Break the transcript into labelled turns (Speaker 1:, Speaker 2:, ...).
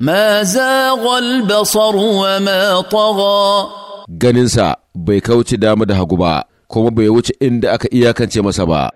Speaker 1: ما زاغ البصر وما طغى
Speaker 2: ganinsa bai kauce dama da hagu ba kuma bai wuce inda aka iyakance masa ba